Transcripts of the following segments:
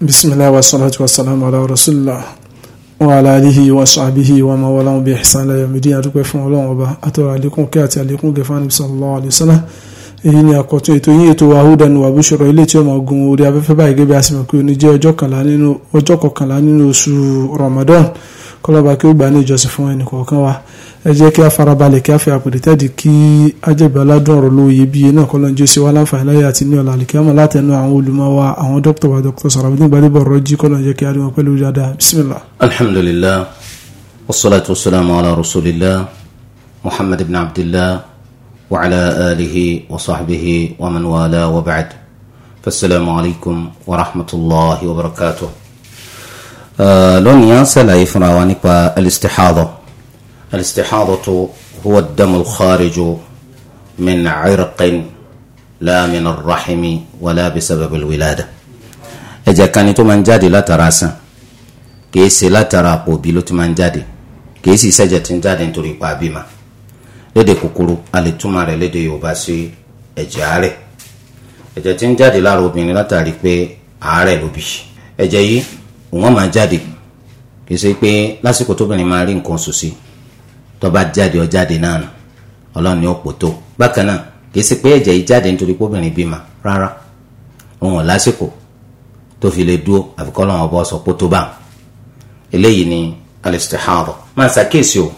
bisimilahi wa salatu wa salamu ala rasulillah wa ala alihi wa sahbihi wa ma wala bi ihsan la yamidi adúpẹ́ fún Ọlọ́run Ọba atọrọ àlékún kẹ́ àti àlékún gẹfà níbi sallallahu alaihi wasallam èyí ni àkọ́tún ètò yín ètò wahudan wa bushra ilé tí ó máa gun orí afẹ́fẹ́ báyìí gẹ́gẹ́ bí a sì mọ̀ pé ó ní jẹ́ ọjọ́ kọkànlá nínú oṣù Ramadan kọlọ́ba kí ó gbà ní ìjọsìn fún ẹnì kọ̀ọ̀kan wa ẹ jẹ́ kí a farabalẹ̀ kí a fi àpòdìtẹ́dì kí ajẹ́bẹ̀ aládùn ọ̀rọ̀ lóye bí iye náà kọ́lọ́njú sí wa láǹfààní láyé àti ní ọ̀la àlìkíyàmọ̀ látẹnu àwọn olùmọ̀ wa àwọn dókítà wa dókítà Sàràbùdín Gbadébọ̀ rọ́jí kọ́lọ́njẹ́ kí a rí wọn pẹ̀lú dáadáa bisimilah. alhamdulilah wa ala wa sahbihi lónìí à ń ṣàlàyé fúnra wa nípa alistihadọ alistihadọ tó huwa damu khariju min cirqin láàmìn rahimi wàlá bisababil wilada ẹ̀jẹ̀ kan ni tó máa ń jáde látara sàn kìí ṣe látara àpò òbí ló ti máa ń jáde kìí sì ṣẹ̀jẹ̀ tí ń jáde nítorí ipa àbímọ léde kúkúrú a lè léde yorùbá sí ẹ̀jẹ̀ àárẹ̀ ẹ̀jẹ̀ tí ń jáde lára obìnrin látàrí pé àárẹ̀ ló ẹ̀jẹ̀ yìí wọ́n máa jáde kìí ṣe pé lásìkò tóbìnrin máa rí nǹkan oṣù sí tó bá jáde ó náà nù ọlọ́run ni ó pò tó bákan náà kìí ṣe pé ẹ̀jẹ̀ yìí jáde nítorí póbìnrin bímọ rárá òun ò lásìkò tó fi lè dúró àfikọ́ lọ́wọ́ ọba ọ̀sọ̀ pó tó bá eléyìí ni alistihara máa ṣàkíyèsí o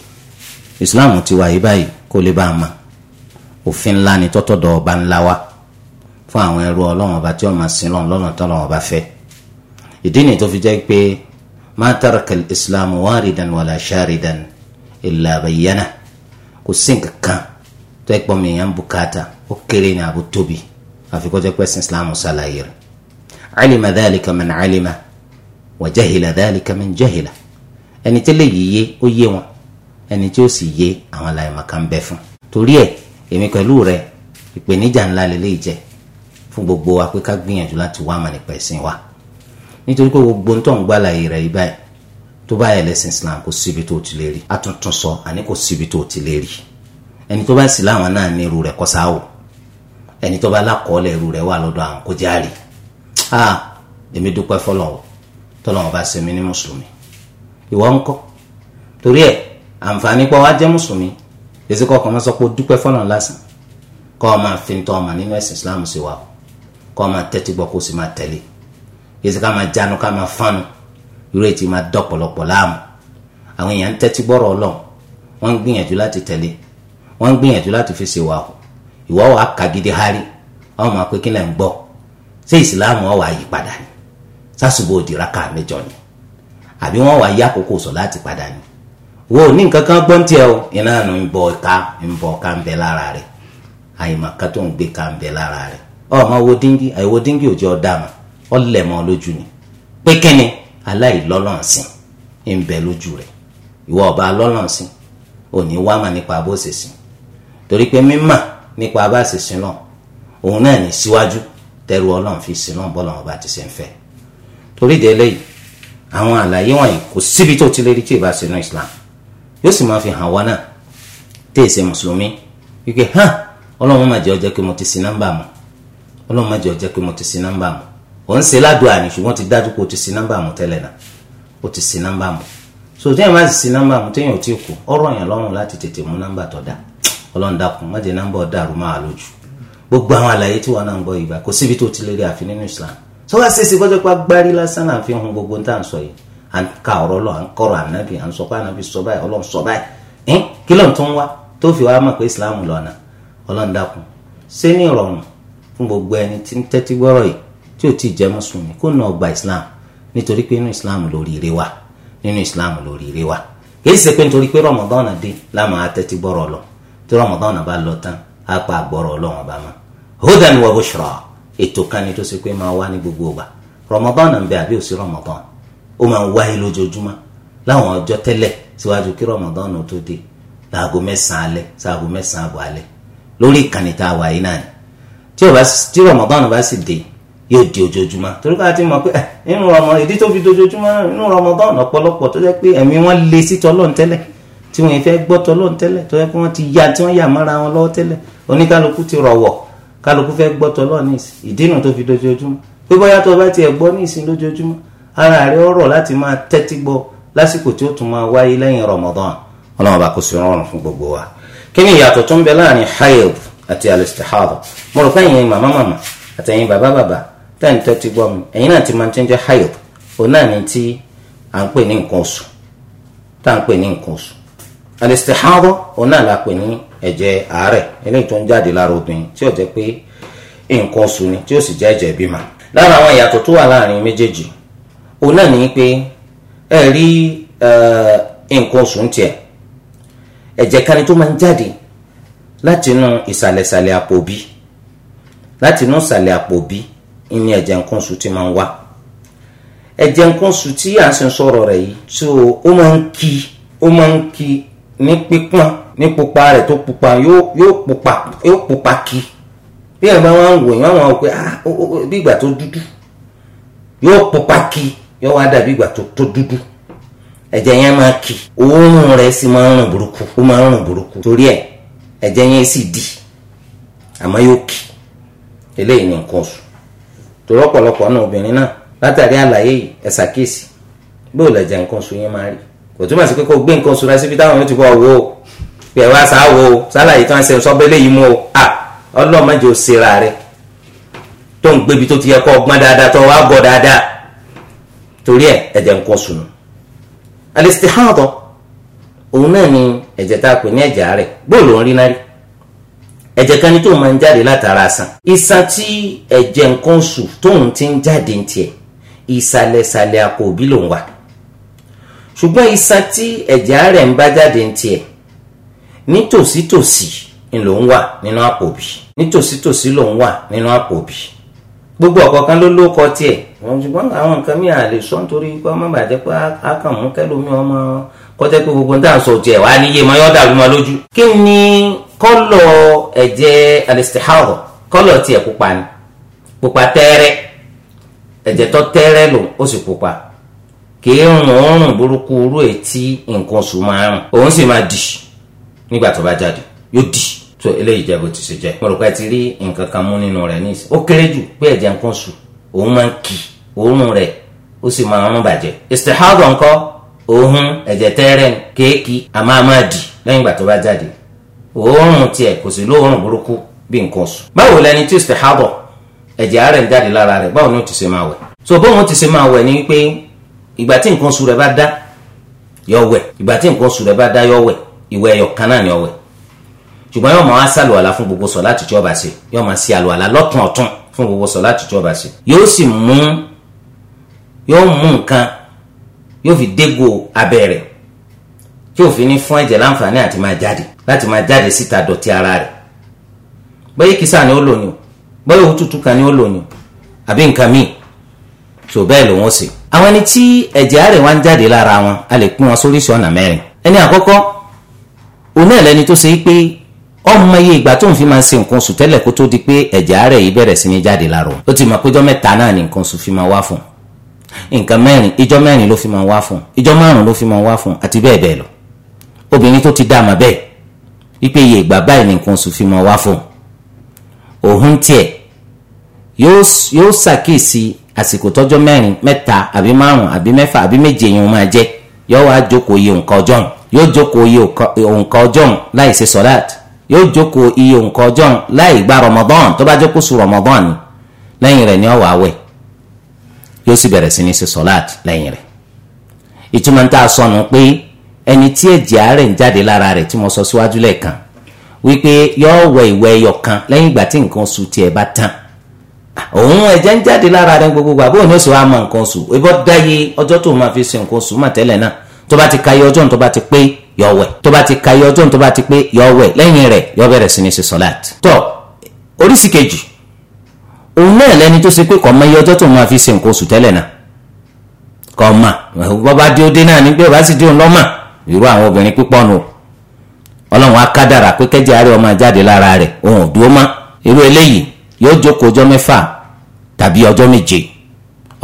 islam ti wà yí báyìí kó lè bá a mọ̀ òfin ńlá ni tọ́tọ̀dọ̀ ọba ńlá wa fún àwọn ẹrú ọlọ́run ọba tí ó ìdí nìyí tó fi jẹ́ pé ma taraka islam waridan wala sharidan illa bayyana kò sí nǹkan kan tó ẹ̀ pọ̀ mi yàn bùkátà ó kéré ní àbò tóbi àfi kó jẹ́ pé sin islam ṣàlàyé rẹ̀ alima dhalika man alima wa jahila dhalika man jahila ẹni tí léyìí yé ó yé wọn ẹni tí ó sì yé àwọn aláìmọ̀ kan bẹ fún torí ẹ̀ èmi pẹ̀lú rẹ̀ ìpèníjà ńlá lélẹ́yìí jẹ́ fún gbogbo wa pé ká gbìyànjú láti wá àmọ̀ nípa wa nítorí pé gbogbo ń tọ̀hún gbàlàyé rẹ̀ yìí báyìí tó bá yẹ lẹ́sìn islam kò síbi tó ti lè rí atuntun sọ àní kò síbi tó ti lè rí ẹni tó bá sì láwọn náà ní irú rẹ̀ kọ́sáwò ẹni tó bá lákọọ́lẹ̀ irú rẹ̀ wà lọ́dọ̀ àwọn kó járe a èmi dúpẹ́ fọlọ́wọ́ tọ́lọ́wọ́ bá ṣe mí ní mùsùlùmí ìwọ ń kọ́ torí ẹ̀ àǹfààní pọ̀ wá jẹ́ mùsùlùmí èsì kọ̀ọ̀kan máa sọ pé dúpẹ́ fọlọ́n lásán kọ́ ọ máa fi ń tọ́ ọmọ nínú ẹ̀sìn islam sí wa kọ́ ọ máa tẹ́tí gbọ́ kó o sì máa tẹ̀lé yẹsẹ ká máa jánu ká máa fánu irú ètí máa dọ̀pọ̀lọpọ̀ láàmú àwọn èèyàn ń tẹ́tí gbọ́rọ̀ ọlọ́run wọ́n ń gbìyànjú láti tẹ̀lé wọ́n ń gbìyànjú láti fi ṣèwà o ìwọ́ wa kà gidi hárí àwọn máa pé kí lẹ́ ń gbọ́ ṣé ìsìláàmù ọ̀ wá yí padà ni sásùbò òdìrá ká mẹ́jọ ni àbí wọ́n wá yí àkókò sọ láti padà ni wo ní nǹkan kan gbọ́n tiẹ̀ o iná nu ń bọ ká ń bọ ká ń bẹ lára rẹ̀ àyèmọ̀ ká tó ń gbé ká ń bẹ lára rẹ̀ ọ̀ máa wo díngí àyèwò díngí òjò ọ̀dà mọ́ ọlẹ̀ mọ́ lójú ni pé kíni aláìlọ́lọ́run sí ń bẹ lójú rẹ̀ ìwọ ọba lọ́lọ́run sí ò ní wá mà nípa bó ṣe sìn torí pé mímà nípa bá ṣe sìn náà òun náà ní síwájú tẹ̀rù ọlọ́run fi sìn náà bọ́lọ́run ọba ti ṣe ń fẹ́ torí ìdí eléyìí àwọn àlàyé wọ̀nyí kò síbi tó ti lè rí tí ì bá ṣe náà Islam yóò sì máa fi hàn wá náà tí èsè mùsùlùmí wípé hàn ọlọ́run má jẹ́ ó jẹ́ pé mo ti sin nọ́mbà mu ọlọ́run má jẹ́ ó jẹ́ mo ti sin nọ́mbà mu wọ́n ń ṣe ládùá ni ṣùgbọ́n ti dájú pé o ti sin nọ́mbà mu tẹ́lẹ̀ náà o ti sin nọ́mbà mu so téèyàn bá ti sin nọ́mbà mu téèyàn ò tí kù ọ̀rọ̀ yẹn lọ́rùn láti tètè mú nọ́mbà tó dá ọlọ́run dákun má jẹ́ nọ́mbà ọ̀dàrú máa lójú gbogbo àwọn àlàyé tí wọn náà ń gbọ́ ìgbà kò síbi tó ti lè rí àfi nínú Islam tó wá ṣèṣe gbọ́dọ̀ pé agbárí lásán náà fi hàn gbogbo tá à ń sọ yìí à ń ka wá tó fi wá mọ̀ pé Islam lọ́nà fún gbogbo ẹni tí ń tẹ́tí gbọ́rọ̀ yìí tí ò tí ì jẹ́ mùsùlùmí kó náà gba islam nítorí pé inú islam lóríire wà nínú islam lóríire wà kì í ṣe pé nítorí pé rọmọdọ́nà dé láàmú atẹ́tí gbọ́rọ̀ lọ tí rọmọdọ́nà bá lọ tán á pa àgbọ̀rọ̀ ọlọ́wọ́n bá mọ́ hudan wa bushra ètò kan ni tó ṣe pé máa wá ní gbogbo ọgbà rọmọdọ́nà ń bẹ àbí òsì rọmọdọ́nà ó máa ń wáyé lójoojúmọ́ láwọn ọjọ́ tẹ́lẹ̀ síwájú kí rọmọdọ́nà tó dé láago mẹ́sàn-án alẹ́ sáago mẹ́sàn-án àbọ̀ alẹ́ lórí ìkànnì tá a wà náà ni tí rọmọdọ́nà bá sì dé yóò di ojoojúmọ́ torí ká ti mọ̀ pé eh, inú ọmọ ìdí tó fi dojoojúmọ́ inú Ramadan ọ̀pọ̀lọpọ̀ tó jẹ́ pé ẹ̀mí wọn le sí tọ́lọ́n tẹ́lẹ̀ tí wọ́n fẹ́ gbọ́ tọ́lọ́n tẹ́lẹ̀ tó jẹ́ pé wọ́n ti ya tí wọ́n yà mọ́ra wọn lọ́wọ́ tẹ́lẹ̀ oníkálukú ti rọ̀wọ̀ kálukú fẹ́ gbọ́ tọ́lọ́n ní ìsìn ìdí nù tó fi dojoojúmọ́ pé bóyá tó bá tiẹ̀ gbọ́ ní ìsìn lójoojúmọ́ ara rẹ̀ ọ̀rọ̀ láti máa tẹ́tí gbọ́ lásìkò Ramadan ọlọ́run bá kó sí rọrùn fún gbogbo wa kí ni ìyàtọ̀ tó ń bẹ láàrin hayd àti alistihada mo rò pé ẹ̀yin màmá màmá bàbá bàbá tẹ́ǹ tẹ́tí gbọ́ mi ẹ̀yin náà ti máa ń hayop òun náà tí à ń pè ní nǹkan oṣù tá à ń ní nǹkan oṣù òun náà la pè ní ẹ̀jẹ̀ àárẹ̀ eléyìí tó ń jáde lára obìnrin tí ó jẹ́ pé nǹkan oṣù ni tí ó sì jẹ́ ẹ̀jẹ̀ lára àwọn ìyàtọ̀ tó wà láàrin pé ẹ rí nǹkan oṣù ń tiẹ̀ ẹ̀jẹ̀ kan ni tó máa ń jáde látinú ìsàlẹ̀sàlẹ̀ àpò ní ẹ̀jẹ̀ nǹkan oṣù ti máa ń wá ẹ̀jẹ̀ nǹkan oṣù tí à ń sìn sọ̀rọ̀ rẹ̀ yìí tó ó máa ń ki ó máa ń ki ní pípọ́n ní pupa rẹ̀ tó pupa yóò pupa yóò pupa ki bí ẹ̀ bá wọn wò yín wọn wò pé ah bí ìgbà tó dúdú yóò pupa ki yóò wá dàbí ìgbà tó dúdú ẹ̀jẹ̀ yẹn máa ki òórùn rẹ̀ sì máa ń rùn burúkú ó máa ń rùn burúkú torí ẹ̀ ẹ̀jẹ̀ yẹn sì di àmọ́ yóò ki eléyìí ni nǹkan oṣù torí ọ̀pọ̀lọpọ̀ ọ̀nà obìnrin náà látàrí àlàyé yìí ẹ̀ ṣàkíyèsí bóò lẹ̀jẹ̀ nǹkan oṣù yẹn máa rí kò túmọ̀ sí pé kó gbé nǹkan oṣù rẹ síbi táwọn yóò ti bọ̀ wò ó pé ẹ wá sáà wò ó sálàyé tí wọ́n ṣe sọ́bẹ́lẹ̀ yìí mú o à ọlọ́mọdé ò ṣera rẹ tó ń gbébi tó ti yẹ kó ọgbọ́n dáadáa tó wá gọ̀ dáadáa torí ẹ̀ ẹ̀jẹ̀ nǹkan oṣù nù al-istihada òun náà ni ẹ̀jẹ̀ tá a pè ní ẹ̀jẹ̀ àárẹ̀ bóò ló rí náà rí ẹ̀jẹ̀ kan ni tóun máa ń jáde látara sàn tí ẹ̀jẹ̀ nǹkan tóun ti ń jáde ń tiẹ̀ ìsàlẹ̀sàlẹ̀ àpò òbí wà ṣùgbọ́n tí ẹ̀jẹ̀ àárẹ̀ ń bá jáde ń tiẹ̀ nítòsítòsí lòun wà nínú àpò òbí gbogbo ọ̀kọ̀ọ̀kan ló lóko tiẹ̀ ṣùgbọ́n àwọn nǹkan mi à lè sọ nítorí pé ọmọ a kàn mú kẹ́lómi ọmọ kọ́tẹ́ pé gbogbo ń tà ń sọ tiẹ̀ kọ́lọ̀ ẹ̀jẹ̀ alistihara kọ́lọ̀ tiẹ̀ pupa ni pupa tẹ́rẹ́ ẹ̀jẹ̀ tó tẹ́rẹ́ lò ó sì pupa kìí rùn òórùn burúkú rú etí nǹkan oṣù máa rùn òun sì máa dì nígbà tó bá jáde yóò dì tó eléyìí jẹ́ bó ti ṣe jẹ́ mo rò pé ti rí nǹkan kan mú nínú rẹ̀ ní ìsìn ó kéré jù pé ẹ̀jẹ̀ nǹkan oṣù òun máa ń kì òórùn rẹ̀ ó sì máa ń rún bàjẹ́ istihara ńkọ́ òun ẹ̀jẹ̀ tẹ́rẹ́ kéèkì àmọ́ àmọ́ dì lẹ́yìn ìgbà tó bá jáde òórùn tiẹ̀ kò sí lóòórùn burúkú bí nǹkan oṣù. báwo lẹni tí istihada ẹ̀jẹ̀ rẹ̀ ń jáde lára rẹ̀ báwo ni ó ti ṣe máa wẹ̀. so bóun ti ṣe máa wẹ̀ ni pé ìgbà tí nǹkan oṣù rẹ̀ bá dá yó wẹ̀ ìgbà tí nǹkan oṣù rẹ̀ bá dá yó wẹ̀ ìwẹ̀ ẹyọ kan náà ni ó wẹ̀ ṣùgbọ́n yóò máa ṣàlùwàlá fún gbogbo sọ láti jọba ṣe yóò máa ṣe àlùwàlá lọ́tún ọ̀tún fún gbogbo sọ láti jọba ṣe yóò sì mú yóò mú nǹkan yóò fi dégo abẹ́rẹ́ tí òfin ní fún ẹ̀jẹ̀ láǹfààní àti máa jáde láti máa jáde síta dọ̀tí ara rẹ̀ bóyá kìsà ni ó lòyún bóyá òwú kan ni ó lòyún àbí nǹkan míì tó bẹ́ẹ̀ ló wọ́n sì. àwọn ẹni tí ẹ̀jẹ̀ àárẹ̀ wá ń jáde lára wọn a lè pín wọn sóríṣìí ọ̀nà mẹ́rin ẹni àkọ́kọ́ òun náà lẹni tó ṣe pé ọmọ iye ìgbà tó ń fi máa ń ṣe nǹkan oṣù tẹ́lẹ̀ kó tó di pé ẹ̀jẹ̀ àárẹ̀ yìí bẹ̀rẹ̀ sí ní jáde lára òun ó ti mọ̀ pé ọjọ́ mẹ́ta náà ni nǹkan oṣù fi máa wá fún nǹkan mẹ́rin ìjọ́ mẹ́rin ló fi máa wá fún ìjọ́ márùn ló fi máa wá fún àti bẹ́ẹ̀ bẹ́ẹ̀ lọ obìnrin tó ti dá àmà bẹ́ẹ̀ wípé iye ìgbà báyìí ni nǹkan oṣù fi mọ wá fún òun tiẹ̀ yóò ṣàkíyèsí àsìkò tọ́jọ́ mẹ́rin mẹ́ta àbí márùn àbí mẹ́fà àbí méje yìí ó máa jẹ́ yóò wá jókòó iye òǹkà ọjọ́ yóò jókòó iye òǹkà ọjọ́ láì ṣe sọ́láàtì yóò jókòó iye òǹkà ọjọ́ láì gba Ramadan tó bá jókòó su Ramadan ni lẹ́yìn rẹ̀ ni ó wàá wẹ̀ yóò sì bẹ̀rẹ̀ sí ní ṣe sọ́láàtì lẹ́yìn rẹ̀ ìtumọ̀ ń tà sọnù pé ẹni tí ẹ̀jẹ̀ àárẹ̀ ń jáde lára rẹ̀ tí mo sọ síwájú lẹ́ẹ̀kan wípé yóò wẹ ìwẹ̀ ẹyọ kan lẹ́yìn ìgbà tí nǹkan oṣù tiẹ̀ bá tán òun ẹ̀jẹ̀ ń jáde lára rẹ̀ gbogbo àbúrò ní oṣù wa mọ nǹkan oṣù ìbọn dáyé ọjọ́ tó máa fi ṣe nǹkan oṣù mà tẹ́lẹ̀ náà tó bá ti kayé ọjọ́ tó bá ti pé yóò wẹ̀ tó bá ti kayé ọjọ́ tó bá ti pé yóò wẹ̀ lẹ́yìn rẹ̀ yóò bẹ̀rẹ̀ sí ní ṣe sọ́láàt. tọ́ oríṣi kejì òun náà lẹni tó ṣe pé kọ́ mọ iye ọjọ́ tó máa irú àwọn obìnrin púpọ̀ nù ọlọ́run á kádàrà pé kẹ́jẹ́ àárẹ̀ ọmọ jáde lára rẹ̀ òun ò dúró mọ́ irú eléyìí yóò jókòó ọjọ́ mẹ́fà tàbí ọjọ́ méje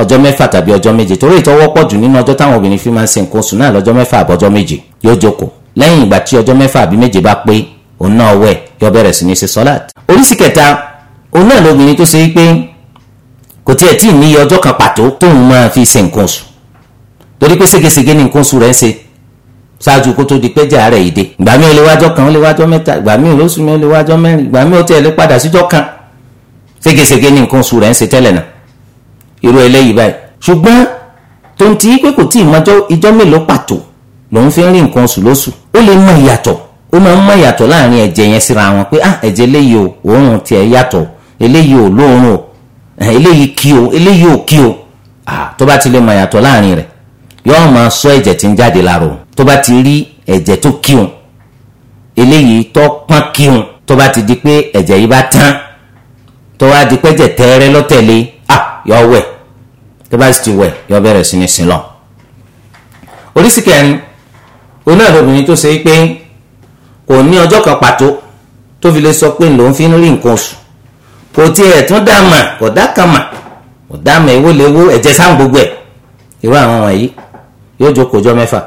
ọjọ́ mẹ́fà tàbí ọjọ́ méje torí ìtọ́wọ́pọ̀ jù nínú ọjọ́ táwọn obìnrin fi máa ń ṣe nǹkan oṣù náà lọ́jọ́ mẹ́fà àbọ̀jọ́ méje yóò jókòó lẹ́yìn ìgbà tí ọjọ́ mẹ́fà àbí méje bá pé òun náà wẹ̀ yóò bẹ̀rẹ̀ sí ní ṣe sọ́láàt ṣáájú kó tó di pé jà rẹ̀ ìdè ìgbà mi ò lè wájọ́ kan ó lè wájọ́ mẹ́ta ìgbà mi ò lóṣù mi ò lè wájọ́ mẹ́rin ìgbà mi ò tẹ̀ lè padà síjọ́ kan ségesège ní nǹkan oṣù rẹ̀ ń ṣe tẹ́lẹ̀ náà irú eléyìí báyìí ṣùgbọ́n tó ń ti pé kò tí ì mọjọ́ ìjọ́ mélòó pàtó lòun fi ń rí nǹkan oṣù lóṣù ó lè mọ ìyàtọ̀ ó máa ń mọ ìyàtọ̀ láàrin ẹ̀jẹ̀ yẹn síra wọn pé ah ẹ̀jẹ̀ eléyìí o òórùn tiẹ̀ yàtọ̀ eléyìí o lóòórùn o eh, eléyìí ah tó bá ti lè mọ ìyàtọ̀ láàrin rẹ̀ yóò máa sọ ẹ̀jẹ̀ tí ń tó bá ti rí ẹ̀jẹ̀ tó kíun eléyìí tó pọ́n kíun tó bá ti di pé ẹ̀jẹ̀ yìí bá tán tó wá di pẹ́jẹ̀ tẹ́rẹ́ lọ́tẹ̀lé à yọ wẹ̀ tó bá sì ti wẹ̀ yọ bẹ̀rẹ̀ sí ní sílọ̀ oríṣìí kẹrin oní ẹ̀rọ obìnrin tó ṣe é pé kò ní ọjọ́ kan pàtó tó fi lè sọ pé lòun fi rí nǹkan oṣù kò tiẹ̀ tún dá mà kò dá kan mà kò dá mà ewó léwó ẹ̀jẹ̀ sáà gbogbo ẹ̀ irú àwọn wọ̀nyí yóò jókòó ọjọ́ mẹ́fà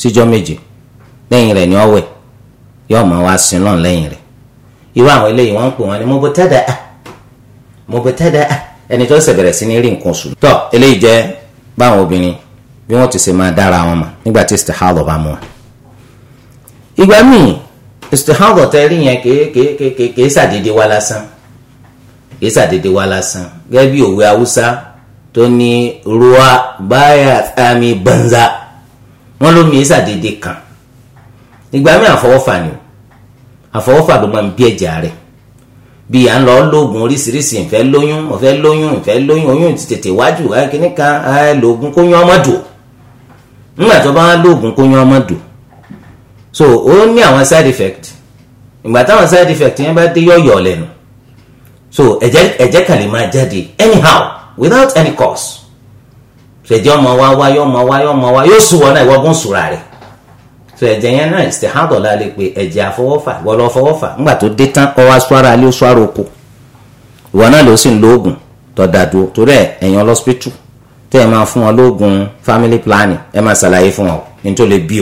síjọ́ méje lẹ́yìn rẹ̀ ni ó wẹ̀ yóò máa wá sin náà lẹ́yìn rẹ̀ irú àwọn eléyìí wọ́n ń pè wọ́n ní mubtada'a mubtada'a ẹni tó ṣẹ̀ bẹ̀rẹ̀ sí ní rí nǹkan oṣù. tọ́ eléyìí jẹ́ báwọn obìnrin bí wọ́n ti ṣe máa dára wọn mọ̀ nígbà tí istihadọ̀ bá mú wọn. ìgbà míì istihadọ̀ tẹ́ rí yẹn kèé ṣàdédé wá lásán kèé ṣàdédé wá lásán gẹ́gẹ́ bí òwe haúsá tó ní ruwa báyà tami banza wọ́n lómi ẹ̀ sàdédé kan ìgbà mi àfọwọ́fà ni o àfọwọ́fà ló máa ń bí ẹ̀jẹ̀ rẹ̀ bí à ń lọ lóògùn oríṣiríṣi ìfẹ́ lóyún ọ̀fẹ́ lóyún ìfẹ́ lóyún oyún ti tètè wájú kíní kan lóògùn kóyún ọmọ dùn nígbà tó bá wá lóògùn kóyún ọmọ dùn so ó ní àwọn side effect ìgbà táwọn side effect yẹn bá dé yọ̀yọ̀ lẹ́nu so ẹ̀jẹ̀ ẹ̀jẹ̀ kan lè máa jáde anyhow without any cause fẹ̀jẹ̀ ọmọ wa wá yọ ọmọ wa yọ ọmọ wa yóò sùn wọn náà ìwọ́gùn sùrà so yẹn náà ṣe hàn dọ̀la pe ìwọ lọ fọwọ́fà ńgbà tó dé tán oko ìwọ náà ló sì ń lo oògùn torí ẹ máa fún wọn lóògùn family planning ẹ máa ṣàlàyé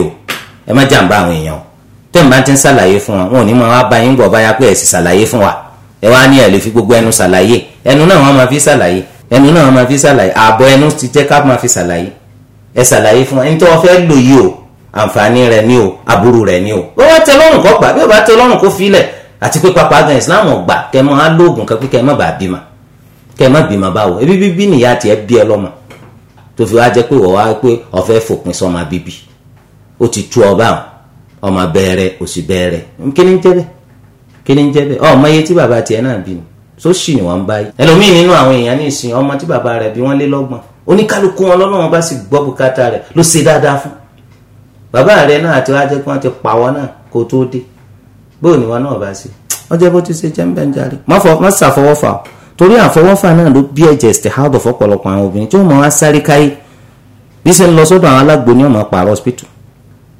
o ẹ má jàǹbá àwọn èèyàn o ń ṣàlàyé fún wọn wọn ò ní bá ẹnu náà máa fi ṣàlàyé ààbọ̀ ẹnu ti jẹ́ ká máa fi ṣàlàyé ẹ ṣàlàyé fún ẹni tó wọ́n fẹ́ lò yìí o àǹfààní rẹ̀ ni o aburú rẹ̀ ni o bí wọ́n tẹ lọ́rùn kó gbà bí wọ́n bá tẹ lọ́rùn kó filẹ̀ àti pé pàpà gan Islam ọgbà kẹ mọ alóògùn kan pé kẹ mọ bàá bímọ kẹ mọ bímọ báwo ebi bíbí nìyá tiẹ̀ bí ẹ lọ́mọ tó fi wá jẹ́ pé wọ́n wá pé ọ̀fẹ́ fòpin sọ́mọ bíbí ó ti tú ọ báwọn ọmọ bẹ̀rẹ̀ òsì bẹ̀rẹ̀ kíni ń jẹ́ bẹ́ẹ̀ kíni ń jẹ́ bẹ́ẹ̀ ọmọ iye tí bàbá tiẹ̀ náà bí ni tó sì wọ́n báyìí ẹlòmíì nínú àwọn èèyàn ní ìsìn ọmọ tí bàbá rẹ̀ bí wọ́n lé lọ́gbọ̀n oníkálukú wọn lọ́lọ́run bá sì gbọ́ bùkátà rẹ̀ ló ṣe dáadáa fún bàbá rẹ̀ náà àti wájẹ́ pé wọ́n ti pàwọ́ náà kó tó dé bóò ni wọn náà bá ṣe wọ́n jẹ́ bó ti ṣe jẹ́ ń bẹ́ ń jarí má ṣàfọwọ́fà torí àfọwọ́fà náà ló bí ẹ̀jẹ̀ stehadọ̀ fọ́pọ̀lọpọ̀ àwọn obìnrin tí ó mọ̀ sáré káyé bí ṣe ń lọ sọ́dọ̀ àwọn alágbo ní ọ̀mọ̀ pààrọ̀ hospital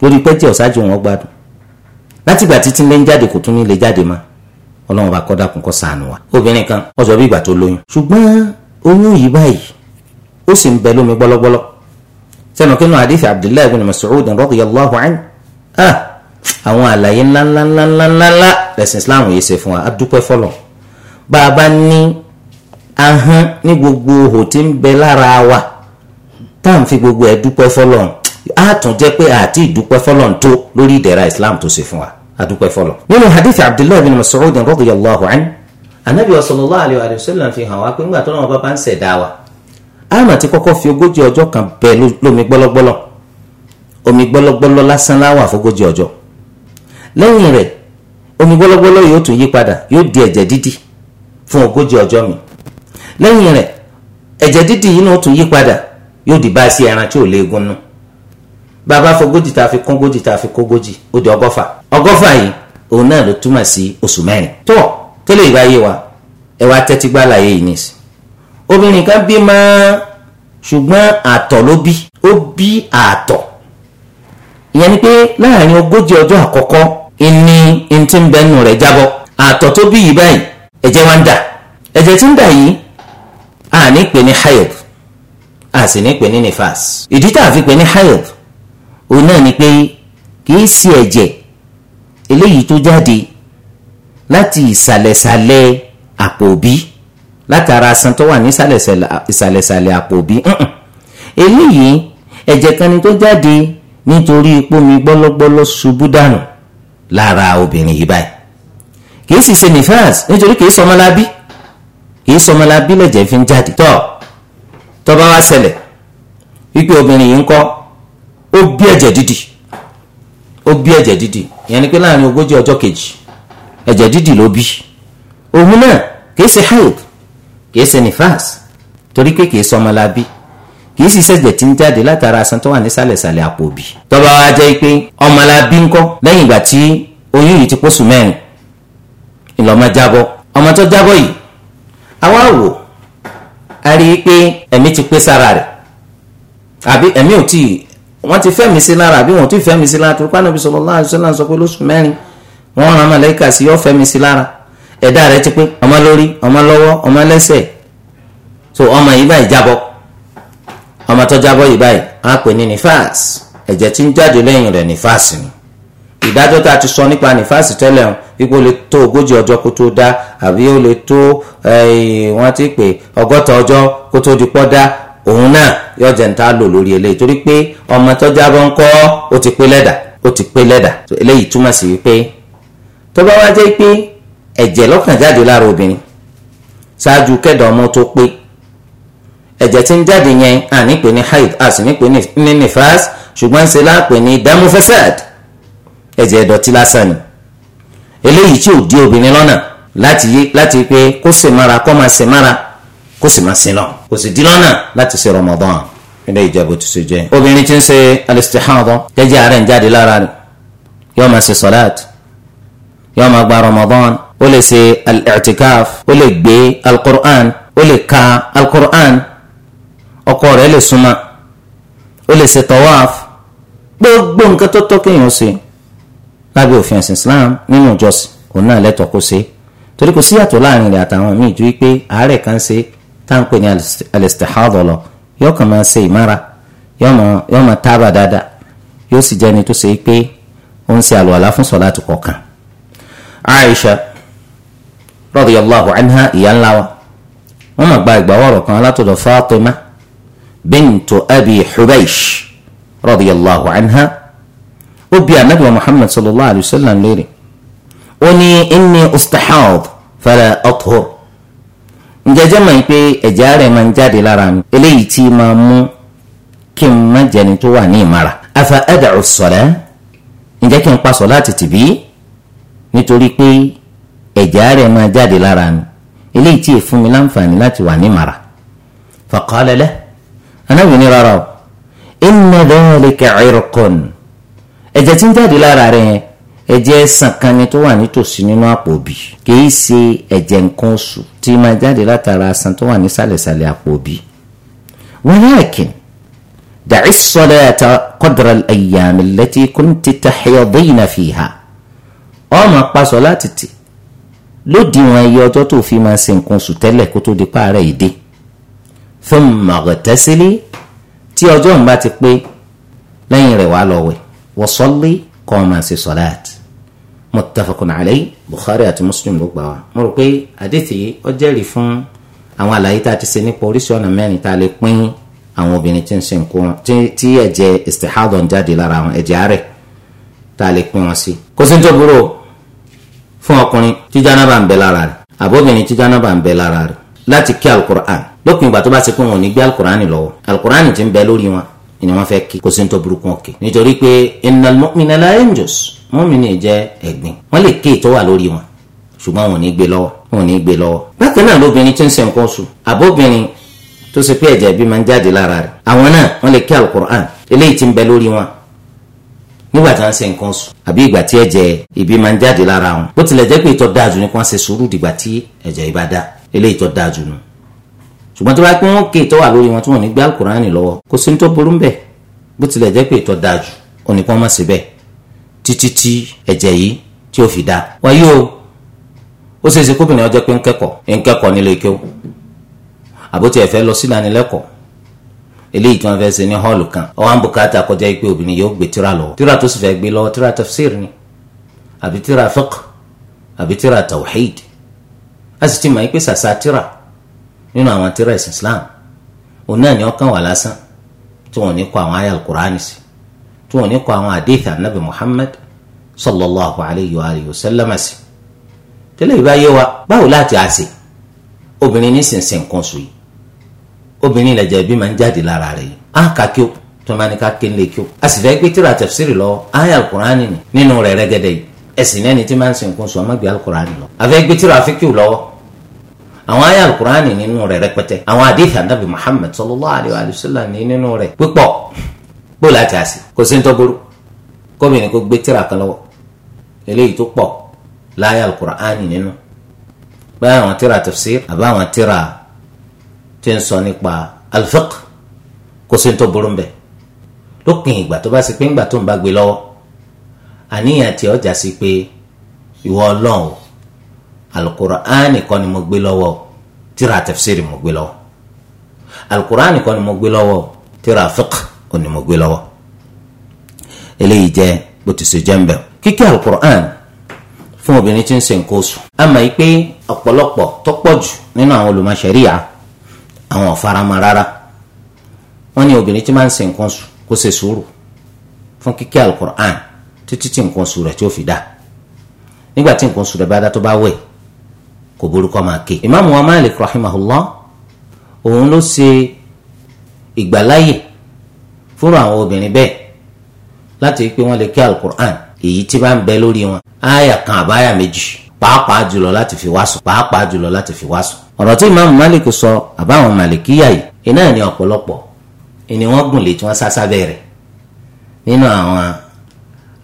lórí pẹ́jẹ́ ọ̀sájú wọn gbádùn látìgbà títí lé ń jáde kò tún ní lè jáde máa ọlọ́run bá kọ́dà kún kọ́ sànù wa obìnrin kan wọ́n sọ bí ìgbà tó lóyún ṣùgbọ́n oyún yìí báyìí ó sì ń bẹ lómi gbọ́lọ́gbọ́lọ́ sẹ́nu kínú hadith abdullahi ibn mas'ud radiyallahu anhu ah àwọn àlàyé ńláńláńláńláńlá lẹ́sìn islam yìí ṣe fún wa adúpẹ́ fọlọ́ bá a bá ní ahọ́n ní gbogbo ohò tí ń bẹ lára wa tá à ń fi gbogbo ẹ̀ dúpẹ́ fọlọ́ á pé àti ìdúpẹ́ fọlọ́ tó lórí ìdẹ̀ra islam tó ṣe fún wa adúpẹ́ fọlọ. nínú hadith abdullahi bin mas'ud radiyallahu anhu anabi sallallahu alayhi wa sallam fi hàn wá pé ńgbà tó náà bàbá ń ṣẹ̀dá wa àmà ti kọ́kọ́ fi ogójì ọjọ́ kan bẹ̀ lómi gbọ́lọ́gbọ́lọ́ omi gbọ́lọ́gbọ́lọ́ lásán láwà fógójì ọjọ́ lẹ́yìn rẹ̀ omi gbọ́lọ́gbọ́lọ́ yóò tún yí padà yóò di ẹ̀jẹ̀ dídì fún ogójì ọjọ́ mi lẹ́yìn rẹ̀ ẹ̀jẹ̀ dídì yìí náà tún yí padà yóò di bá ẹran tí ò léegun nù. bàbá fogójì tá a fi kún a yìí òun náà ló túmọ̀ sí oṣù mẹ́rin tó tẹ́lẹ̀ ìbáyé wa ẹ wá tẹ́tí gbá láyé yìí nìsí. obìnrin kan bí máa ṣùgbọ́n àtọ̀ ló bí ó bí àtọ̀ ìyẹn ni pé láàrin ogójì ọjọ́ àkọ́kọ́ ìní ń bẹnu rẹ̀ jábọ́ àtọ̀ tó bí yìí báyìí ẹ̀jẹ̀ wá ń dà ẹ̀jẹ̀ tí ń dà yìí a òun náà ni pé kìí ṣe ẹ̀jẹ̀ eléyìí tó jáde láti ìsàlẹ̀sàlẹ̀ àpò òbí látara asan tó wà ní ìsàlẹ̀sàlẹ̀ àpò òbí eléyìí ẹ̀jẹ̀ kan ni tó jáde nítorí pómi gbọ́lọ́gbọ́lọ́ ṣubú dànù lára obìnrin yìí báyìí kìí sì ṣe nifas nítorí kìí sọmọlábí kìí sọmọlábí lẹ̀jẹ̀ fi ń jáde tọ́ tọ́ bá wá ṣẹlẹ̀ wípé obìnrin yìí ń kọ́ ó bí ẹ̀jẹ̀ dídì ó bí ẹ̀jẹ̀ dídì ìyẹn ni pé láàrin ogójì ọjọ́ kejì ẹ̀jẹ̀ dídì ló bí òun náà kìí ṣe haid kìí ṣe nifas torí pé kìí sọmọ la bí kìí sì ṣẹ̀jẹ̀ tí ń jáde látara aṣan tó wà nísàlẹ̀sàlẹ̀ àpò òbí tó bá wa jẹ́ pé ọmọ la bí ńkọ́ lẹ́yìn ìgbà tí oyún yìí ti pósù mẹ́rin ìlọ́mọ jábọ́ ọmọ tó jábọ́ yìí àwa wò a rí i pé ẹ̀mí ti pé sára rẹ̀ àbí ẹ̀mí ò tíì wọ́n ti fẹ́mi sí lára àbí wọ́n ti fẹ́mi sí lára torí pàánù bí sallallahu alaihi wasallam sọ pé lóṣù mẹ́rin wọ́n rán màláíkà sí yọ fẹ́mi sí lára ẹ̀dá rẹ̀ ti pé ọmọ lórí ọmọ lọ́wọ́ ọmọ lẹ́sẹ̀ so ọmọ yìí báyìí jábọ́ ọmọ tó jábọ́ yìí báyìí á pè ní nífàs ẹ̀jẹ̀ tí ń jáde lẹ́yìn rẹ̀ nífàs ni ìdájọ́ tá a ti sọ nípa nífàs tẹ́lẹ̀ hàn wípé ó lè tó ogójì ọjọ́ kó tó dá àbí ó lè tó eh, wọ́n ti pè ọgọ́ta ọjọ́ kó tó di pọ́ dá òun náà yóò jẹ́ níta lò lórí eléyìí torí pé ọmọ tó jábọ́ ńkọ́ ó ti pé lẹ́dà ó ti pé lẹ́dà eléyìí túmọ̀ sí wípé tó bá wá jẹ́ pé ẹ̀jẹ̀ lọ́kàn jáde lára obìnrin ṣáájú kẹ́dà ọmọ tó pé ẹ̀jẹ̀ tí ń jáde yẹn à ní pè ní haid à nifas ṣùgbọ́n ṣe láàpè ní damu ẹ̀jẹ̀ ìdọ̀tí lásán ni eléyìí tí ò di obìnrin lọ́nà láti pé kó ṣèmára kó máa ṣèmára kó sì má sin lọ kó sì dín lọ́nà láti ṣe Ramadan ilé ìjẹ́bù tó ṣe jẹ́. obìnrin tí ń ṣe alistihada jẹ́jẹ́ àárẹ̀ ń jáde lára rẹ̀ yóò máa ṣe sọ́láàt yóò máa gba Ramadan ó lè ṣe al-i'tikaf ó lè gbé al-Qur'an ó lè ka al-Qur'an ọkọ rẹ̀ lè súnmọ́ ó lè ṣe tawaf gbogbo nǹkan tó tọ́ kéèyàn ṣe lábẹ́ òfin ẹ̀sìn Islam nínú ìjọsìn òun náà lẹ́tọ̀ọ́ kó ṣe torí kò síyàtọ̀ láàrin rẹ̀ àtàwọn míì ju wípé àárẹ̀ kan ṣe táwọn pè ní alẹ́sítẹ̀hádọ̀ lọ yóò kàn máa ṣe ìmára yóò máa tábà dáadáa yóò sì jẹ́ni tó ṣe pé ó ń ṣe àlùwàlá fún sọ̀láàtì kọ̀ọ̀kan. Aisha radiyallahu anha ìyá ńlá wa wọ́n máa gba ìgbà wọ̀rọ̀ kan látọ̀dọ̀ Fatima bintu Abi Hubaysh radiyallahu anha ó anabi wa Muhammad sallallahu alayhi wa sallam léèrè ó inni ustahaad fala athur njẹjẹ mọ̀ pé ẹ̀jẹ̀ rẹ̀ máa ń jáde lára mi eléyìí tí máa mú kí n má jẹni tó wà ní ìmara afa ad'u sọ̀rẹ́ ǹjẹ́ kí n pa sọ̀láàtì tìbí nítorí pé ẹ̀jẹ̀ rẹ̀ máa jáde lára mi eléyìí tí èfún mi láǹfààní láti wà ní ìmara faqala anáwó ní rárá o inna dhalika irqun ẹ̀jẹ̀ tí ń jáde lára rẹ̀ yẹn ẹ̀jẹ̀ ẹ̀sàn kan ni tó wà nítòsí nínú àpò òbí kìí ṣe ẹ̀jẹ̀ nǹkan oṣù tí máa jáde látara asan tó wà nísàlẹ̀sàlẹ̀ àpò òbí. walakin da'i s-salata qadra al-ayyam allati kunti tahyadina fiha ó máa pa sọ̀láàtì tì lódiwọ̀n iye ọjọ́ tó fi máa ṣe nǹkan oṣù tẹ́lẹ̀ kó tó di páàrẹ̀ ìdè thumma ightasili tí ọjọ́ ń bá ti pé lẹ́yìn rẹ̀ wá lọ wẹ̀ wa salli kó máa ṣe sọ̀láàtì muttafaqun alayhi bukhari àti muslim ló gbà wá. mo rò pé àdìsí ó jẹ́rìí fún àwọn àlàyé tá a ti ṣe nípa oríṣi ọ̀nà mẹ́rin tá a lè pín àwọn obìnrin tí ń ṣe nǹkan tí ẹ̀jẹ̀ istihadon jáde lára àwọn ẹ̀jẹ̀ àárẹ̀ tá a lè pín wọn sí. kò sí tó burú fún ọkùnrin tí jánábà ń bẹ lára rẹ̀ àbóbìnrin tí jánábà ń bẹ lára rẹ̀ láti kí alukur'an lópin ìgbà tó bá ṣe pé wọn ò ní gbé alukur'an lọ́wọ́ alukur'an ti ń bẹ lórí wọn ni wọ́n fẹ́ kí kò sí tó burú kún ọ̀kẹ́ mọ́mìnì ẹ̀ jẹ́ ẹ̀gbin wọ́n lè ké ìtọ́wà lórí wọn ṣùgbọ́n wọn ò ní gbé lọ́wọ́ wọn ò ní gbé lọ́wọ́. bákan náà lóbìnrin tí ń ṣe nǹkan oṣù àbóbìnrin tó ṣe pé ẹ̀jẹ̀ bí máa ń jáde lára rẹ̀ àwọn náà wọ́n lè ké alukur'an eléyìí tí ń bẹ lórí wọn nígbà tí wọ́n ṣe nǹkan oṣù àbí ìgbà tí ẹ̀jẹ̀ ìbí máa ń jáde lára wọn bó tilẹ̀ jẹ́ pé ìtọ́ dáa jù ni ṣe sùúrù dìgbà tí ẹ̀jẹ̀ ìbá dá eléyìí tó dáa jù ṣùgbọ́n tó bá pín wọn ké tó wà lórí wọn tí wọn ní gbé alukur'an lọ́wọ́ kò sí ní tó burú ń bẹ̀ bó tilẹ̀ jẹ́ pé ìtọ́ dáa jù ò ní kí ṣe bẹ́ẹ̀ títí tí ẹ̀jẹ̀ yìí tí ó fi dá wáyé o ó ṣeé ṣe kóbìnrin ọjọ́ pé ń kẹ́kọ̀ọ́ ń kẹ́kọ̀ọ́ nílé kí ó àbótí ẹ̀ fẹ́ lọ sí ìdánilẹ́kọ̀ọ́ eléyìí tí wọ́n fẹ́ ṣe ní hall kan ọwọ́ àwọn bùkátà kọjá pé obìnrin yóò gbé tíra lọ tíra tó sì fẹ́ gbé lọ tíra tafsir ni àbí tíra fiqh àbí tíra tawhid a sì ti mọ̀ pé sàṣà tíra nínú àwọn tíra ìsìn Islam òun náà ni ọkàn wà lásán tí wọ́n ní kọ àwọn ayé al-Qur'ani sí tí wọn ní kọ àwọn àdéhìí anabi muhammad sallallahu alayhi wa alihi wa sallam sí tẹ́lẹ̀ ìbá yé wa báwo láti àṣe obìnrin ní sìnsìn kan sùn yìí obìnrin ìlẹ̀jẹ̀ bí máa ń jáde lára rẹ̀ yìí á kà kí o tó máa ní ká ké lè kí o a sì fẹ́ gbé tíra tafsiri lọ ayé alukur'ani nínú rẹ̀ rẹ́gẹ́dẹ́ yìí ẹ̀sìn náà tí máa ń sìnkún sùn ọmọ gbé alukur'ani lọ a fẹ́ gbé tíra fíkìw lọ́wọ́ àwọn ayé alukur'ani nínú rẹ̀ rẹpẹtẹ àwọn àdéhìí anabi muhammad sallallahu alayhi wa sallam nínú rẹ̀ pípọ̀ bó láti àsè kò sí nítorí burú gómìnà kó gbé tíra kan lọ́wọ́ eléyìí tó pọ̀ láyà alukur'ani nínú báyà àwọn tíra tafsir àbá àwọn tíra tí ń sọ nípa alfiq kò sí nítorí burú mbẹ lópin ìgbà tó bá ṣe pé ńgbà tó ń bá gbé lọ́wọ́ àníyàn tí ọjà sí pé ìwọ ọlọ́run alukur'ani kọ́ ni mo gbé lọ́wọ́ tíra tafsir mo gbé lọ́wọ́ alukur'ani kọ́ ni mo gbé lọ́wọ́ tíra fiqh ó ní mo gbé lọ́wọ́ eléyìí jẹ́ bó ti ṣe jẹ́ ń bẹ̀. kíké alukur'an fún obìnrin tí ń ṣe nǹkan oṣù a mọ̀ yìí pé ọ̀pọ̀lọpọ̀ tó pọ̀ jù nínú àwọn olùmọ̀ṣẹ̀ríyà àwọn ọ̀farama rárá wọ́n ní obìnrin tí máa ń ṣe nǹkan oṣù kó ṣe sùúrù fún kíké alukur'an títí tí nǹkan oṣù rẹ̀ tí ó fi dá nígbà tí nǹkan oṣù rẹ̀ bá dá tó bá wẹ̀ kò burúkọ máa ké. ìmáàmù wa Malik rahimahullah òun ló ṣe ìgbàláyè fúnra àwọn obìnrin bẹ́ẹ̀ láti rí pé wọ́n lè kí alukur'an èyí tí bá ń bẹ lórí wọn àyà kan àbáyà méjì pàápàá jùlọ láti fi wá sùn pàápàá jùlọ láti fi wá sùn. ọ̀rọ̀ tí ìmáàmù Malik sọ àbáwọn màlìkíyà yìí iná ní ọ̀pọ̀lọpọ̀ ni wọ́n gùn lé tí wọ́n sásá bẹ̀rẹ̀ nínú àwọn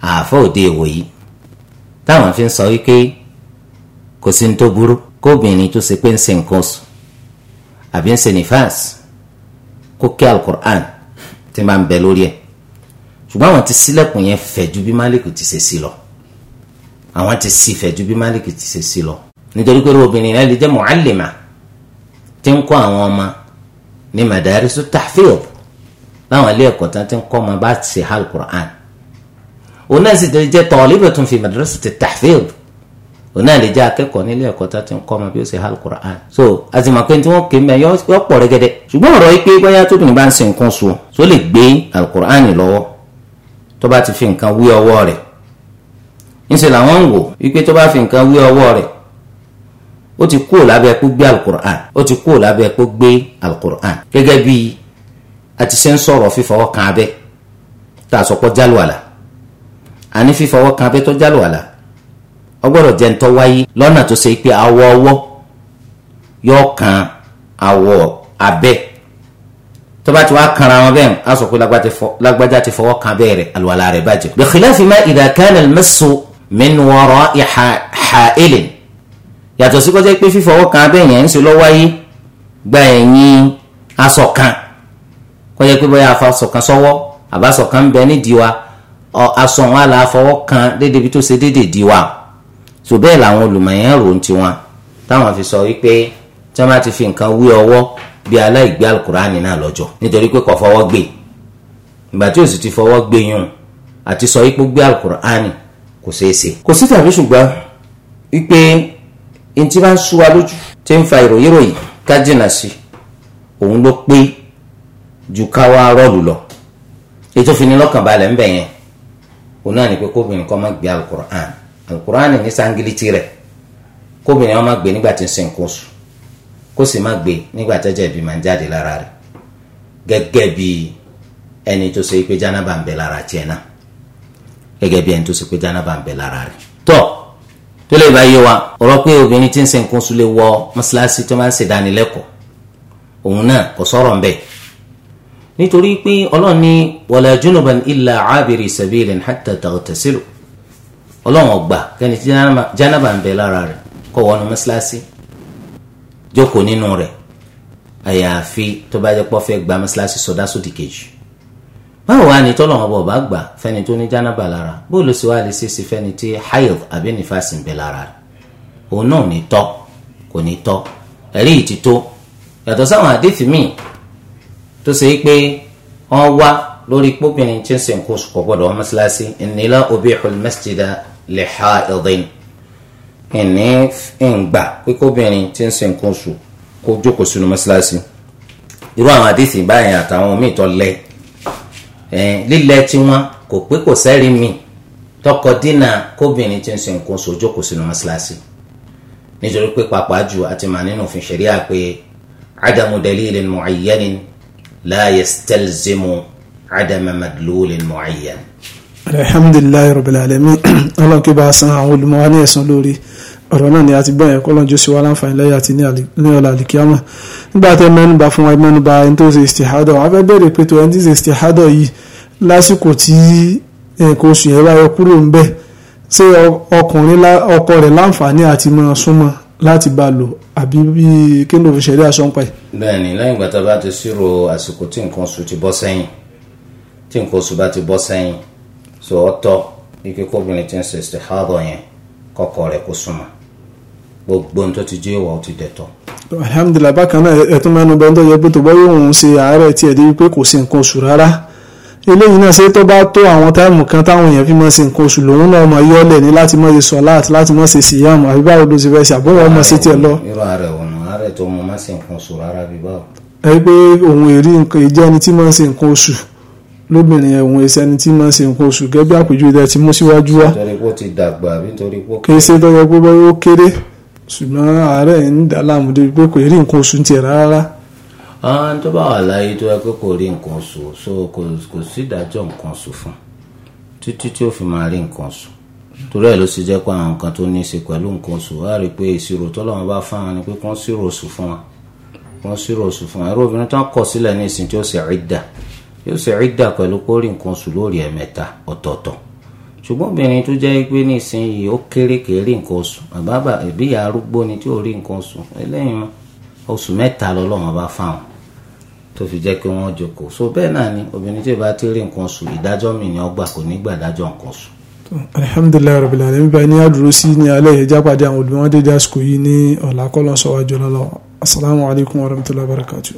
àáfọ̀ òde èwò yìí táwọn fi ń sọ wípé kò sí ní tó burú kóbìnrin tó ṣe pé ń ṣe nǹkan oṣù àbí ń ṣe nífàs kó kí alukur'an tí n bá ń bẹ lórí ẹ̀ ṣùgbọ́n àwọn ti sílẹ̀kùn yẹn fẹ̀ ju bí Malik ti ṣe sí lọ àwọn ti sí fẹ̀ ju bí Malik ti ṣe sí lọ nítorí pé obìnrin yẹn lè jẹ́ mu'allima tí ń kọ́ àwọn ọmọ ní madarisu tahfidh láwọn ilé ẹ̀kọ́ tán tí ń kọ́ ọmọ bá ṣe al-Qur'an òun náà sì ti jẹ́ talibatun fi madrasati tahfidh òun náà lè jẹ́ akẹ́kọ̀ọ́ nílé ẹ̀kọ́ tá ti ń kọ́ ọmọ bí ó ṣe hal Qur'an so àtìmọ̀ pé tí wọ́n ké mẹ́ yọ pọ̀ rẹ́gẹ́dẹ́ ṣùgbọ́n ọ̀rọ̀ yìí pé bóyá tóbi bá ń ṣe nǹkan sùn tó lè gbé al Qur'an lọ́wọ́ tó bá ti fi nǹkan wí ọwọ́ rẹ̀ ńṣe làwọn ń wò wípé tó bá fi nǹkan wí ọwọ́ rẹ̀ ó ti kúrò lábẹ́ pé gbé al Qur'an ó ti kúrò lábẹ́ pé gbé al Qur'an gẹ́gẹ́ bí a ti ṣe ń sọ̀rọ̀ fífọwọ́ kan abẹ́ tá a sọ pé jálù àlà ọgbọ́dọ̀ jẹ́ ntọ́ wáyé lọ́nà tó ṣe pé awọ ọwọ́ yọ kan awọ abẹ́ tó bá ti wá kanra wọn bẹ́ẹ̀ á sọ pé lágbájá ti fọwọ́ kan bẹ́ẹ̀ rẹ̀ àlùwàlá rẹ̀ bàjẹ́. bi khilafi ma idha kana al-massu min wara'i ha'ilin yàtọ̀ sí kọjá pé fífọwọ́ kan abẹ́ yẹn ń ṣe lọ́wọ́ wáyé gba ẹ̀yìn aṣọ kan kọjá pé bóyá aṣọ kan sọ́wọ́ àbáṣọ kan ń bẹ nídìí aṣọ wọn àlàáfọwọ́ kan déédéé tó ṣe déédéé dìí so bẹ́ẹ̀ làwọn olùmọ̀yẹn ròhun tiwọn táwọn fi sọ wípé tí wọ́n bá ti fi nǹkan wé ọwọ́ bí aláìgbé alukurani náà lọ́jọ́ nítorí pé kò fọwọ́ gbé ìgbà tí ó sì ti fọwọ́ gbé yún àti sọ ipò gbé alukurani kò ṣeé ṣe. kò sí tàbí ṣùgbọ́n wípé n ti bá ń wa lójú tí ń fa ìròyìn ròyìn ká jìnnà sí òun ló pé ju ká wá rọ́ọ̀lù lọ ètò ìfinilọ́kànbalẹ̀ ń bẹ̀ òun náà ni pé kóbìnrin kọ́ máa gbé alukurani alukurani ní sangiliti rẹ̀ kóbìnrin ọmọ gbé nígbà tí ń sin nǹkan oṣù kó sì má gbé nígbà tẹ́jẹ̀ ìbí máa ń jáde lára rẹ̀ gẹ́gẹ́ bí ẹni tó ṣe pé jánábà ń bẹ lára tiẹ̀ náà gẹ́gẹ́ bí ẹni tó ṣe pé jánábà ń bẹ lára rẹ̀ tọ́ tó lè bá yé wa ọ̀rọ̀ pé obìnrin tí ń sin nǹkan lè wọ mọ́ṣáláṣí tó máa ń ṣèdánilẹ́kọ̀ọ́ òun náà kò sọ̀rọ̀ ń bẹ̀ nítorí pé Ọlọ́run ní wala junuban illa abiri sabilin hatta taghtasilu ọlọ́run ọgbà kẹ́ni tí jánábà ń bẹ lára rẹ̀ kó wọnú mọ́ṣáláṣí jókòó nínú rẹ̀ àyàfi tó bá jẹ́ pọ́ fẹ́ gba mọ́ṣáláṣí sọdá sódì kejì báwo wá ni tọ́lọ́run ọba ọba gbà fẹ́ni tó ní jánábà lára bó ló sì wá lè ṣe é sí fẹ́ni tí hayd àbí nífàsì ń bẹ lára rẹ̀ òun náà ní tọ́ kò ní tọ́ ẹ̀rí yìí ti tó yàtọ̀ sáwọn àdéhìí míì tó ṣe é pé wọ́n wá lórí pópìnrin tí ń sìn kó gbọ́dọ̀ mọ́ṣáláṣí ìnílá òbí mẹ́sìdá lè ha ẹ̀dín ìní ìgbà kíkóbìnrin tí ń ṣe nǹkan oṣù kó jókòó sínú mọ́ṣáláṣí irú àwọn àdìsí báyìí àtàwọn míì tó lẹ lílẹ tí wọn kò pé kò sẹ́rí mi tọkọ dínà kóbìnrin tí ń ṣe nǹkan oṣù jókòó sínú mọ́ṣáláṣí nítorí pé pàápàá jù àti màá nínú òfin ṣẹ̀ríà pé adamu dalilin mu'ayyanin la yastalzimu adama madlulin mu'ayyan alhamdulilayi rabbil alamin ọlọ́run kí bá a san àwọn olùmọ̀ wa ní ẹ̀san lórí ọ̀rọ̀ náà ni a ti gbọ́ yẹn kọ́lọ́n jọ́sí wa láǹfààní lẹ́yìn àti ní ọ̀la àlìkíyàmọ̀ nígbà tẹ́ mẹ́nuba fún wa mẹ́nuba ẹni tó ṣe istihada wọn fẹ́ bẹ̀rẹ̀ pé tó ẹni tí ṣe istihada yìí lásìkò tí nǹkan eh, oṣù yẹn báyọ kúrò ń bẹ̀ ṣé ọkùnrin ọkọ rẹ̀ láǹfààní àti máa súnmọ́ láti bá lò àbí bí kí fi ṣẹ̀rí aṣọ ń pa ẹ̀ so ọ̀tọ̀ ike kóbìnrin ti ń ṣe istihada yẹn kọkọ rẹ̀ kó súnmọ́ gbogbo ohun tó ti jẹ́ ìwà ó ti dẹ̀tọ̀. alhamdulilayi bákan náà ẹ tún mẹ́nu bẹ́ẹ̀ ń dọ̀yẹ pé tó bá yóò ń ṣe àárẹ̀ tiẹ̀ débi pé kò sí nǹkan oṣù rárá eléyìí náà ṣe tó bá tó àwọn táìmù kan táwọn èèyàn fi máa ṣe nǹkan oṣù lòun náà máa yọ ọlẹ̀ ní láti máa ṣe sọ̀láàtì láti máa ṣe síyàmù àbí báwo ló ṣe àbúrò ọmọ sí tiẹ̀ lọ. ẹ pé òun èrí nǹkan ìjẹ́ni tí máa ń ṣe nǹkan oṣù lóbìnrin ẹ̀hún ẹsẹ̀ ni tí máa ń ṣe nǹkan oṣù gẹ́gẹ́ bí àpèjúwe tẹ́ ti mú síwájú wá. nítorí pé ó ti dàgbà nítorí pé ó ṣe tọ́jọ́ pé bọ́yọ́ ó kéré ṣùgbọ́n àárẹ̀ ń dà láàmú débi pé kò rí nǹkan oṣù tiẹ̀ rárá. àwọn tó bá wà láyé tó yẹ pé kò rí nǹkan oṣù so kò sí ìdájọ́ nǹkan oṣù fún títí tí ó fi máa rí nǹkan oṣù torí ẹ̀ ló ṣe jẹ́ pé àwọn nǹkan tó ní ṣe pẹ̀lú nǹkan oṣù wá rí pé ìṣirò ni pé kí yóò ṣe ìdà pẹ̀lú kórè nǹkan oṣù lórí ẹ̀mẹ́ta ọ̀tọ̀ọ̀tọ̀ ṣùgbọ́n obìnrin tó jẹ́ pé nísìnyí ó kéré kéré nǹkan oṣù àbábà ẹ̀bí arúgbó ni tí ò rí nǹkan oṣù ẹlẹ́yìn oṣù mẹ́ta lọ́lọ́run bá fáwọn tó fi jẹ́ pé wọ́n jókòó so bẹ́ẹ̀ náà ni obìnrin tí ò bá ti rí nǹkan oṣù ìdájọ́ mi ni ọgbà kò ní gbà nǹkan oṣù alhamdulilayi rabil alamin báyìí ní àdúró sí ní alẹ́ ìjà pàdé àwọn olùmọ̀ọ́dé dásìkò yìí ní ọ̀làkọ́lọ́sọ̀wájú lọ́lọ́ asalaamualeykum wa rahmatulahi wa barakatu.